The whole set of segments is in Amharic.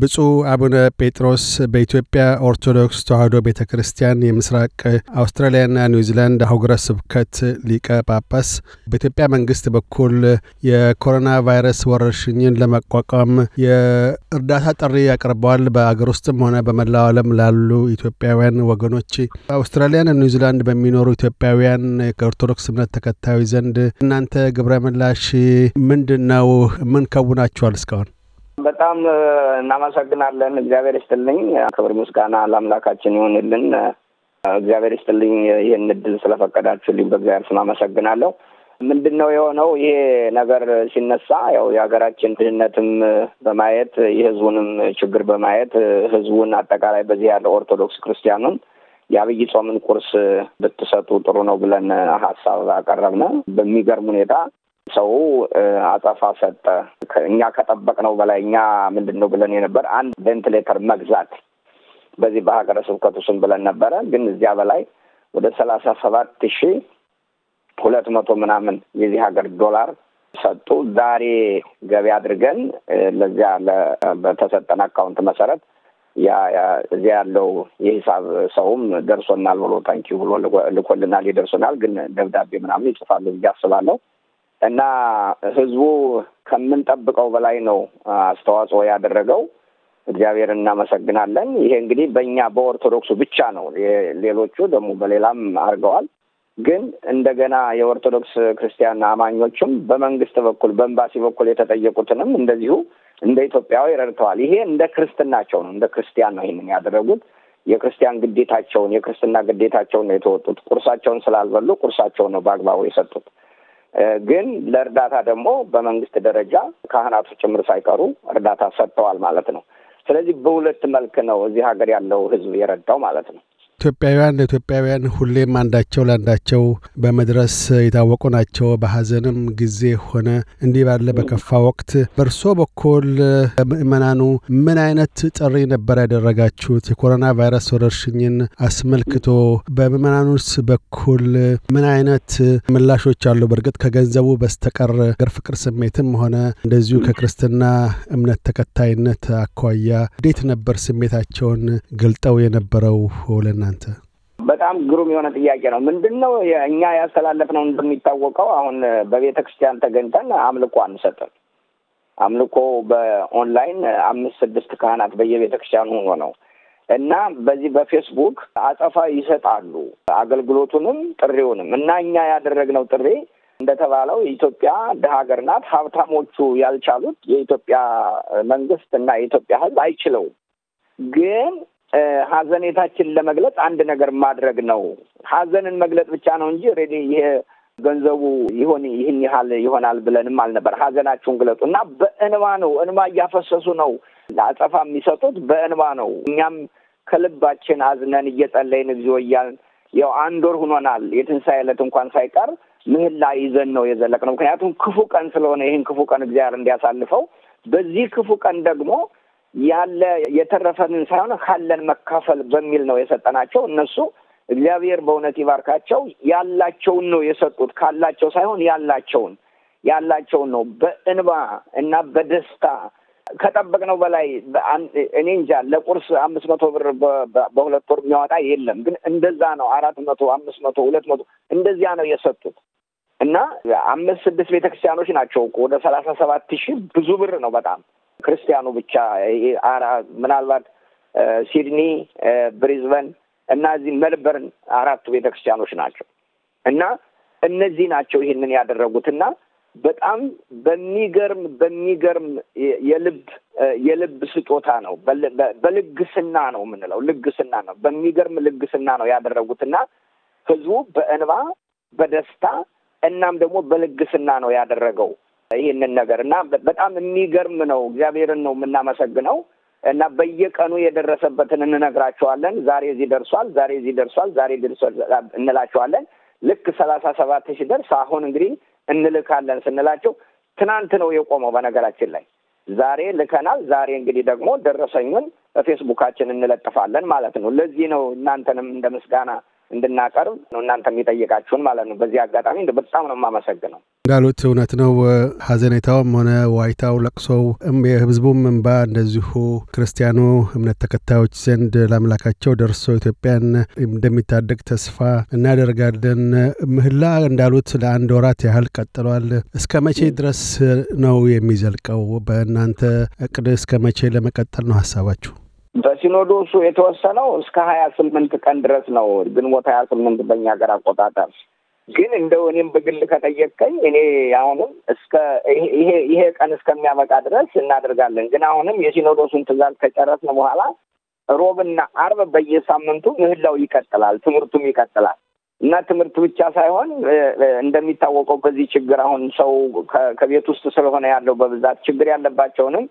ብፁዕ አቡነ ጴጥሮስ በኢትዮጵያ ኦርቶዶክስ ተዋሕዶ ቤተ ክርስቲያን የምስራቅ አውስትራሊያና ኒውዚላንድ አህጉረ ስብከት ሊቀ ጳጳስ በኢትዮጵያ መንግስት በኩል የኮሮና ቫይረስ ወረርሽኝን ለመቋቋም የእርዳታ ጥሪ ያቀርበዋል። በአገር ውስጥም ሆነ በመላው ዓለም ላሉ ኢትዮጵያውያን ወገኖች አውስትራሊያን፣ ኒውዚላንድ በሚኖሩ ኢትዮጵያውያን ከኦርቶዶክስ እምነት ተከታዮች ዘንድ እናንተ ግብረ ምላሽ ምንድን ነው? ምን ከውናችኋል እስካሁን? በጣም እናመሰግናለን። እግዚአብሔር ይስጥልኝ። ክብር ምስጋና ለአምላካችን ይሆንልን። እግዚአብሔር ይስጥልኝ። ይህን እድል ስለፈቀዳችሁልኝ በእግዚአብሔር ስም አመሰግናለሁ። ምንድን ነው የሆነው? ይሄ ነገር ሲነሳ ያው የሀገራችን ድህነትም በማየት የህዝቡንም ችግር በማየት ህዝቡን አጠቃላይ በዚህ ያለው ኦርቶዶክስ ክርስቲያኑን የአብይ ጾምን ቁርስ ብትሰጡ ጥሩ ነው ብለን ሀሳብ አቀረብነ። በሚገርም ሁኔታ ሰው አጸፋ ሰጠ። እኛ ከጠበቅነው በላይ እኛ ምንድን ነው ብለን የነበር አንድ ቬንትሌተር መግዛት በዚህ በሀገረ ስብከቱ ስም ብለን ነበረ። ግን እዚያ በላይ ወደ ሰላሳ ሰባት ሺ ሁለት መቶ ምናምን የዚህ ሀገር ዶላር ሰጡ። ዛሬ ገበያ አድርገን ለዚያ በተሰጠን አካውንት መሰረት እዚያ ያለው የሂሳብ ሰውም ደርሶናል ብሎ ታንኪ ብሎ ልኮልናል። ይደርሶናል ግን ደብዳቤ ምናምን ይጽፋሉ ብዬ አስባለሁ። እና ህዝቡ ከምንጠብቀው በላይ ነው አስተዋጽኦ ያደረገው። እግዚአብሔር እናመሰግናለን። ይሄ እንግዲህ በእኛ በኦርቶዶክሱ ብቻ ነው። ሌሎቹ ደግሞ በሌላም አድርገዋል። ግን እንደገና የኦርቶዶክስ ክርስቲያን አማኞችም በመንግስት በኩል በኤምባሲ በኩል የተጠየቁትንም እንደዚሁ እንደ ኢትዮጵያዊ ረድተዋል። ይሄ እንደ ክርስትናቸው ነው፣ እንደ ክርስቲያን ነው ይህንን ያደረጉት። የክርስቲያን ግዴታቸውን የክርስትና ግዴታቸውን ነው የተወጡት። ቁርሳቸውን ስላልበሉ ቁርሳቸውን ነው በአግባቡ የሰጡት። ግን ለእርዳታ ደግሞ በመንግስት ደረጃ ካህናቱ ጭምር ሳይቀሩ እርዳታ ሰጥተዋል ማለት ነው። ስለዚህ በሁለት መልክ ነው እዚህ ሀገር ያለው ህዝብ የረዳው ማለት ነው። ኢትዮጵያውያን ለኢትዮጵያውያን ሁሌም አንዳቸው ለአንዳቸው በመድረስ የታወቁ ናቸው። በሀዘንም ጊዜ ሆነ እንዲህ ባለ በከፋ ወቅት በእርሶ በኩል ምእመናኑ ምን አይነት ጥሪ ነበር ያደረጋችሁት? የኮሮና ቫይረስ ወረርሽኝን አስመልክቶ በምእመናኑስ በኩል ምን አይነት ምላሾች አሉ? በእርግጥ ከገንዘቡ በስተቀር ገር ፍቅር ስሜትም ሆነ እንደዚሁ ከክርስትና እምነት ተከታይነት አኳያ እንዴት ነበር ስሜታቸውን ገልጠው የነበረው ለና እናንተ? በጣም ግሩም የሆነ ጥያቄ ነው። ምንድን ነው እኛ ያስተላለፍነው እንደሚታወቀው አሁን በቤተ ክርስቲያን ተገኝተን አምልኮ አንሰጥም። አምልኮ በኦንላይን አምስት ስድስት ካህናት በየቤተ ክርስቲያኑ ሆኖ ነው እና በዚህ በፌስቡክ አጸፋ ይሰጣሉ አገልግሎቱንም ጥሪውንም እና እኛ ያደረግነው ጥሪ እንደተባለው ኢትዮጵያ ድሀ ሀገር ናት። ሀብታሞቹ ያልቻሉት የኢትዮጵያ መንግስት እና የኢትዮጵያ ሕዝብ አይችለውም። ግን ሀዘኔታችን ለመግለጽ አንድ ነገር ማድረግ ነው። ሀዘንን መግለጽ ብቻ ነው እንጂ ሬዲ ይሄ ገንዘቡ ይሆን ይህን ያህል ይሆናል ብለንም አልነበር። ሀዘናችሁን ግለጡ እና በእንባ ነው። እንባ እያፈሰሱ ነው ለአጸፋ የሚሰጡት በእንባ ነው። እኛም ከልባችን አዝነን እየጸለይን እግዚኦ እያልን ያው አንድ ወር ሁኖናል። የትንሣኤ ዕለት እንኳን ሳይቀር ምህላ ይዘን ነው የዘለቅ ነው። ምክንያቱም ክፉ ቀን ስለሆነ ይህን ክፉ ቀን እግዚአብሔር እንዲያሳልፈው በዚህ ክፉ ቀን ደግሞ ያለ የተረፈንን ሳይሆን ካለን መካፈል በሚል ነው የሰጠናቸው። እነሱ እግዚአብሔር በእውነት ይባርካቸው። ያላቸውን ነው የሰጡት፣ ካላቸው ሳይሆን ያላቸውን ያላቸውን ነው በእንባ እና በደስታ ከጠበቅነው በላይ እኔ እንጃ። ለቁርስ አምስት መቶ ብር በሁለት ወር የሚያወጣ የለም፣ ግን እንደዛ ነው። አራት መቶ አምስት መቶ ሁለት መቶ እንደዚያ ነው የሰጡት እና አምስት ስድስት ቤተክርስቲያኖች ናቸው ወደ ሰላሳ ሰባት ሺህ ብዙ ብር ነው በጣም ክርስቲያኑ ብቻ ምናልባት ሲድኒ፣ ብሪዝበን እና እዚህ መልበርን አራቱ ቤተክርስቲያኖች ናቸው እና እነዚህ ናቸው ይህንን ያደረጉትና በጣም በሚገርም በሚገርም የልብ የልብ ስጦታ ነው። በልግስና ነው የምንለው ልግስና ነው። በሚገርም ልግስና ነው ያደረጉትና ህዝቡ በእንባ በደስታ እናም ደግሞ በልግስና ነው ያደረገው ይህንን ነገር እና በጣም የሚገርም ነው። እግዚአብሔርን ነው የምናመሰግነው እና በየቀኑ የደረሰበትን እንነግራቸዋለን። ዛሬ እዚህ ደርሷል፣ ዛሬ እዚህ ደርሷል፣ ዛሬ ደርሷል እንላቸዋለን። ልክ ሰላሳ ሰባት ሺህ ደርስ አሁን እንግዲህ እንልካለን ስንላቸው ትናንት ነው የቆመው። በነገራችን ላይ ዛሬ ልከናል። ዛሬ እንግዲህ ደግሞ ደረሰኙን በፌስቡካችን እንለጥፋለን ማለት ነው። ለዚህ ነው እናንተንም እንደ ምስጋና እንድናቀርብ ነው እናንተ የሚጠይቃችሁን ማለት ነው። በዚህ አጋጣሚ በጣም ነው የማመሰግነው። እንዳሉት እውነት ነው። ሀዘኔታውም ሆነ ዋይታው፣ ለቅሶው፣ የህዝቡም እንባ እንደዚሁ ክርስቲያኑ እምነት ተከታዮች ዘንድ ለአምላካቸው ደርሶ ኢትዮጵያን እንደሚታደግ ተስፋ እናደርጋለን። ምህላ እንዳሉት ለአንድ ወራት ያህል ቀጥሏል። እስከ መቼ ድረስ ነው የሚዘልቀው? በእናንተ እቅድ እስከ መቼ ለመቀጠል ነው ሀሳባችሁ? በሲኖዶሱ የተወሰነው እስከ ሀያ ስምንት ቀን ድረስ ነው፣ ግንቦት ሀያ ስምንት በእኛ ሀገር አቆጣጠር። ግን እንደው እኔም በግል ከጠየቀኝ እኔ አሁንም እስከ ይሄ ይሄ ቀን እስከሚያበቃ ድረስ እናደርጋለን። ግን አሁንም የሲኖዶሱን ትዕዛዝ ከጨረስን በኋላ ሮብና አርብ በየሳምንቱ ምህላው ይቀጥላል፣ ትምህርቱም ይቀጥላል እና ትምህርት ብቻ ሳይሆን እንደሚታወቀው በዚህ ችግር አሁን ሰው ከቤት ውስጥ ስለሆነ ያለው በብዛት ችግር ያለባቸውንም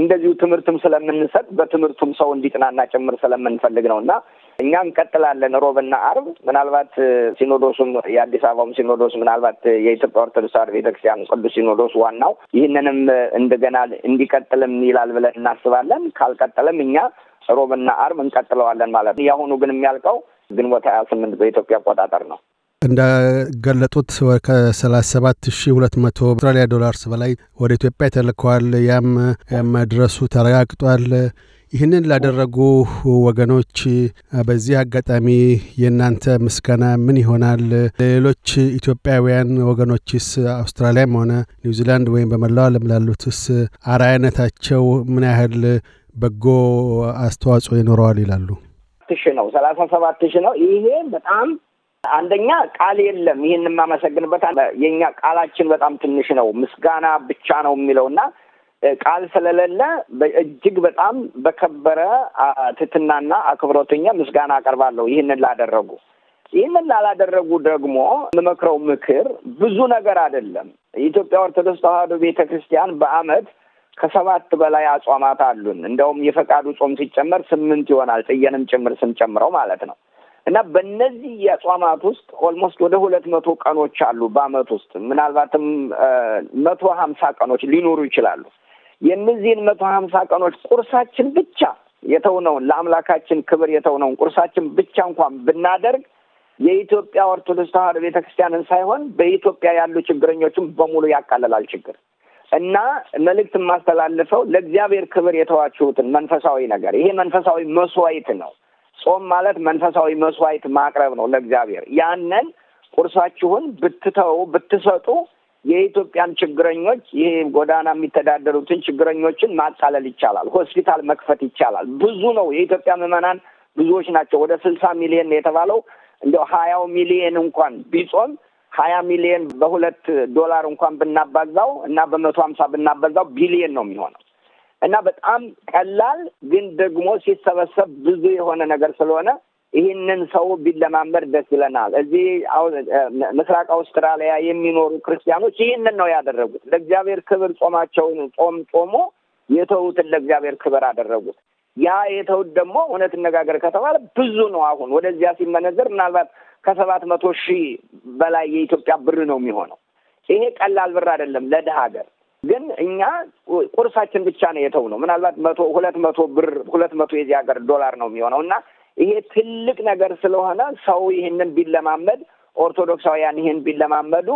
እንደዚሁ ትምህርትም ስለምንሰጥ በትምህርቱም ሰው እንዲጥናና ጭምር ስለምንፈልግ ነው እና እኛ እንቀጥላለን። ሮብና አርብ ምናልባት ሲኖዶሱም የአዲስ አበባውም ሲኖዶስ ምናልባት የኢትዮጵያ ኦርቶዶክስ ተዋሕዶ ቤተክርስቲያን ቅዱስ ሲኖዶስ ዋናው ይህንንም እንደገና እንዲቀጥልም ይላል ብለን እናስባለን። ካልቀጠለም እኛ ሮብና አርብ እንቀጥለዋለን ማለት ነው። የአሁኑ ግን የሚያልቀው ግንቦት ሀያ ስምንት በኢትዮጵያ አቆጣጠር ነው። እንደገለጡት ከ37200 አውስትራሊያ ዶላርስ በላይ ወደ ኢትዮጵያ ተልከዋል። ያም መድረሱ ተረጋግጧል። ይህንን ላደረጉ ወገኖች በዚህ አጋጣሚ የእናንተ ምስጋና ምን ይሆናል? ለሌሎች ኢትዮጵያውያን ወገኖችስ አውስትራሊያም ሆነ ኒውዚላንድ ወይም በመላው ዓለም ላሉትስ አርአያነታቸው ምን ያህል በጎ አስተዋጽኦ ይኖረዋል ይላሉ? ነው ሰላሳ ሰባት ሺህ ነው። ይሄ በጣም አንደኛ ቃል የለም። ይህን የማመሰግንበት የእኛ ቃላችን በጣም ትንሽ ነው፣ ምስጋና ብቻ ነው የሚለው እና ቃል ስለሌለ እጅግ በጣም በከበረ ትትናና አክብሮትኛ ምስጋና አቀርባለሁ ይህንን ላደረጉ። ይህንን ላላደረጉ ደግሞ የምመክረው ምክር ብዙ ነገር አይደለም። የኢትዮጵያ ኦርቶዶክስ ተዋሕዶ ቤተ ክርስቲያን በዓመት ከሰባት በላይ አጽዋማት አሉን። እንደውም የፈቃዱ ጾም ሲጨመር ስምንት ይሆናል፣ ጥየንም ጭምር ስንጨምረው ማለት ነው። እና በእነዚህ የጾማት ውስጥ ኦልሞስት ወደ ሁለት መቶ ቀኖች አሉ በአመት ውስጥ ምናልባትም መቶ ሀምሳ ቀኖች ሊኖሩ ይችላሉ። የእነዚህን መቶ ሀምሳ ቀኖች ቁርሳችን ብቻ የተውነውን ለአምላካችን ክብር የተውነውን ቁርሳችን ብቻ እንኳን ብናደርግ የኢትዮጵያ ኦርቶዶክስ ተዋህዶ ቤተክርስቲያንን ሳይሆን በኢትዮጵያ ያሉ ችግረኞችን በሙሉ ያቃለላል ችግር እና መልእክት የማስተላልፈው ለእግዚአብሔር ክብር የተዋችሁትን መንፈሳዊ ነገር ይሄ መንፈሳዊ መስዋዕት ነው። ጾም ማለት መንፈሳዊ መስዋዕት ማቅረብ ነው ለእግዚአብሔር። ያንን ቁርሳችሁን ብትተው ብትሰጡ የኢትዮጵያን ችግረኞች ይሄ ጎዳና የሚተዳደሩትን ችግረኞችን ማጣለል ይቻላል። ሆስፒታል መክፈት ይቻላል። ብዙ ነው የኢትዮጵያ ምዕመናን ብዙዎች ናቸው። ወደ ስልሳ ሚሊየን ነው የተባለው። እንዲያው ሀያው ሚሊየን እንኳን ቢጾም ሀያ ሚሊየን በሁለት ዶላር እንኳን ብናባዛው እና በመቶ ሀምሳ ብናባዛው ቢሊየን ነው የሚሆነው። እና በጣም ቀላል ግን ደግሞ ሲሰበሰብ ብዙ የሆነ ነገር ስለሆነ ይህንን ሰው ቢለማመድ ደስ ይለናል። እዚህ ምስራቅ አውስትራሊያ የሚኖሩ ክርስቲያኖች ይህንን ነው ያደረጉት። ለእግዚአብሔር ክብር ጾማቸውን ጾም ጾሞ የተዉትን ለእግዚአብሔር ክብር አደረጉት። ያ የተውት ደግሞ እውነት እነጋገር ከተባለ ብዙ ነው። አሁን ወደዚያ ሲመነዘር ምናልባት ከሰባት መቶ ሺህ በላይ የኢትዮጵያ ብር ነው የሚሆነው። ይሄ ቀላል ብር አይደለም ለድሃ ሀገር ግን እኛ ቁርሳችን ብቻ ነው የተው ነው ምናልባት መቶ ሁለት መቶ ብር ሁለት መቶ የዚህ ሀገር ዶላር ነው የሚሆነው እና ይሄ ትልቅ ነገር ስለሆነ ሰው ይህንን ቢለማመድ ኦርቶዶክሳውያን ይህን ቢለማመዱ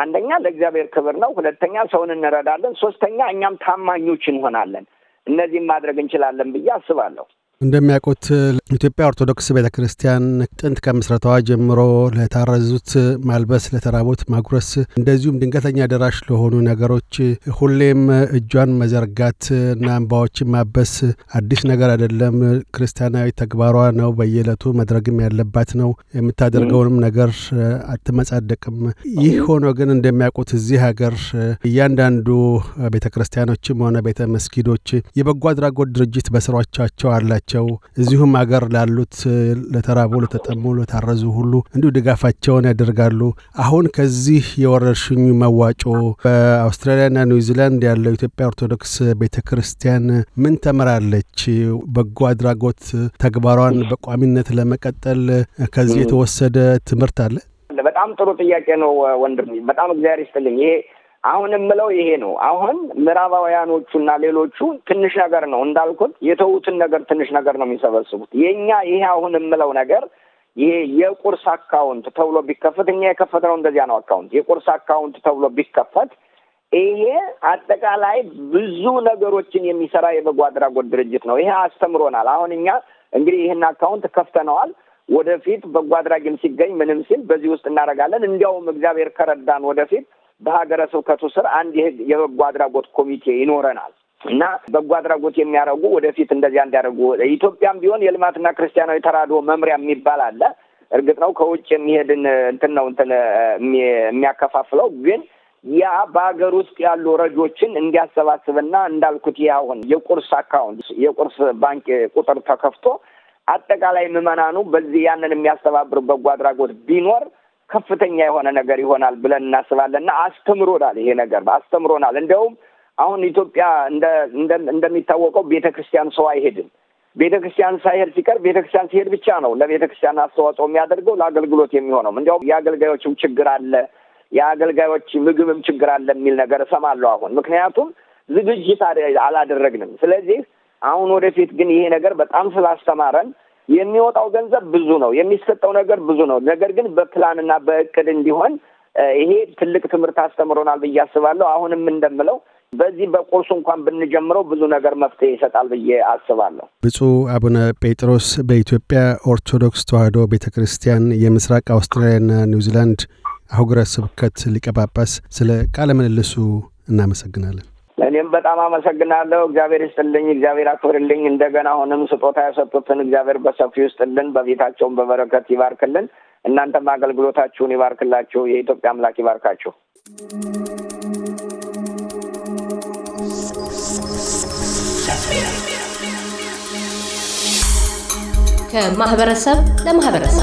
አንደኛ ለእግዚአብሔር ክብር ነው፣ ሁለተኛ ሰውን እንረዳለን፣ ሶስተኛ እኛም ታማኞች እንሆናለን። እነዚህም ማድረግ እንችላለን ብዬ አስባለሁ። እንደሚያውቁት ኢትዮጵያ ኦርቶዶክስ ቤተ ክርስቲያን ጥንት ከምስረታዋ ጀምሮ ለታረዙት ማልበስ፣ ለተራቦት ማጉረስ፣ እንደዚሁም ድንገተኛ ደራሽ ለሆኑ ነገሮች ሁሌም እጇን መዘርጋት እና እንባዎችን ማበስ አዲስ ነገር አይደለም። ክርስቲያናዊ ተግባሯ ነው። በየዕለቱ መድረግም ያለባት ነው። የምታደርገውንም ነገር አትመጻደቅም። ይህ ሆኖ ግን እንደሚያውቁት እዚህ ሀገር እያንዳንዱ ቤተ ክርስቲያኖችም ሆነ ቤተ መስጊዶች የበጎ አድራጎት ድርጅት በስሯቻቸው አላቸው። እዚሁም ሀገር ሀገር ላሉት ለተራቡ፣ ለተጠሙ፣ ለታረዙ ሁሉ እንዲሁ ድጋፋቸውን ያደርጋሉ። አሁን ከዚህ የወረርሽኙ መዋጮ በአውስትራሊያና ኒውዚላንድ ያለው ኢትዮጵያ ኦርቶዶክስ ቤተ ክርስቲያን ምን ተምራለች? በጎ አድራጎት ተግባሯን በቋሚነት ለመቀጠል ከዚህ የተወሰደ ትምህርት አለ? በጣም ጥሩ ጥያቄ ነው ወንድም፣ በጣም እግዚአብሔር ይስጥልኝ። ይሄ አሁን የምለው ይሄ ነው። አሁን ምዕራባውያኖቹና ሌሎቹ ትንሽ ነገር ነው እንዳልኩት የተዉትን ነገር ትንሽ ነገር ነው የሚሰበስቡት። የእኛ ይሄ አሁን የምለው ነገር ይሄ የቁርስ አካውንት ተብሎ ቢከፈት እኛ የከፈትነው እንደዚያ ነው። አካውንት የቁርስ አካውንት ተብሎ ቢከፈት ይሄ አጠቃላይ ብዙ ነገሮችን የሚሰራ የበጎ አድራጎት ድርጅት ነው። ይሄ አስተምሮናል። አሁን እኛ እንግዲህ ይህን አካውንት ከፍተነዋል። ወደፊት በጎ አድራጊም ሲገኝ ምንም ሲል በዚህ ውስጥ እናደርጋለን። እንዲያውም እግዚአብሔር ከረዳን ወደፊት በሀገረ ስብከቱ ስር አንድ የበጎ አድራጎት ኮሚቴ ይኖረናል እና በጎ አድራጎት የሚያደርጉ ወደፊት እንደዚያ እንዲያደርጉ ኢትዮጵያም ቢሆን የልማትና ክርስቲያናዊ ተራድኦ መምሪያ የሚባል አለ። እርግጥ ነው ከውጭ የሚሄድን እንትን ነው እንትን የሚያከፋፍለው ግን ያ በሀገር ውስጥ ያሉ ረጆችን እንዲያሰባስብና እንዳልኩት ይህ አሁን የቁርስ አካውንት የቁርስ ባንክ ቁጥር ተከፍቶ አጠቃላይ ምዕመናኑ በዚህ ያንን የሚያስተባብር በጎ አድራጎት ቢኖር ከፍተኛ የሆነ ነገር ይሆናል ብለን እናስባለን እና አስተምሮናል። ይሄ ነገር አስተምሮናል። እንደውም አሁን ኢትዮጵያ እንደሚታወቀው ቤተ ክርስቲያን ሰው አይሄድም። ቤተ ክርስቲያን ሳይሄድ ሲቀር ቤተ ክርስቲያን ሲሄድ ብቻ ነው ለቤተ ክርስቲያን አስተዋጽኦ የሚያደርገው ለአገልግሎት የሚሆነው። እንዲያውም የአገልጋዮችም ችግር አለ፣ የአገልጋዮች ምግብም ችግር አለ የሚል ነገር እሰማለሁ አሁን። ምክንያቱም ዝግጅት አላደረግንም። ስለዚህ አሁን ወደፊት ግን ይሄ ነገር በጣም ስላስተማረን የሚወጣው ገንዘብ ብዙ ነው፣ የሚሰጠው ነገር ብዙ ነው። ነገር ግን በፕላንና በእቅድ እንዲሆን ይሄ ትልቅ ትምህርት አስተምሮናል ብዬ አስባለሁ። አሁንም እንደምለው በዚህ በቁርሱ እንኳን ብንጀምረው ብዙ ነገር መፍትሄ ይሰጣል ብዬ አስባለሁ። ብፁዕ አቡነ ጴጥሮስ በኢትዮጵያ ኦርቶዶክስ ተዋሕዶ ቤተ ክርስቲያን የምስራቅ አውስትራሊያና ኒውዚላንድ አህጉረ ስብከት ሊቀጳጳስ ስለ ቃለ ምልልሱ እናመሰግናለን። እኔም በጣም አመሰግናለሁ። እግዚአብሔር ይስጥልኝ፣ እግዚአብሔር አክብርልኝ። እንደገና አሁንም ስጦታ የሰጡትን እግዚአብሔር በሰፊው ይስጥልን፣ በቤታቸውን በበረከት ይባርክልን። እናንተም አገልግሎታችሁን ይባርክላችሁ። የኢትዮጵያ አምላክ ይባርካችሁ። ከማህበረሰብ ለማህበረሰብ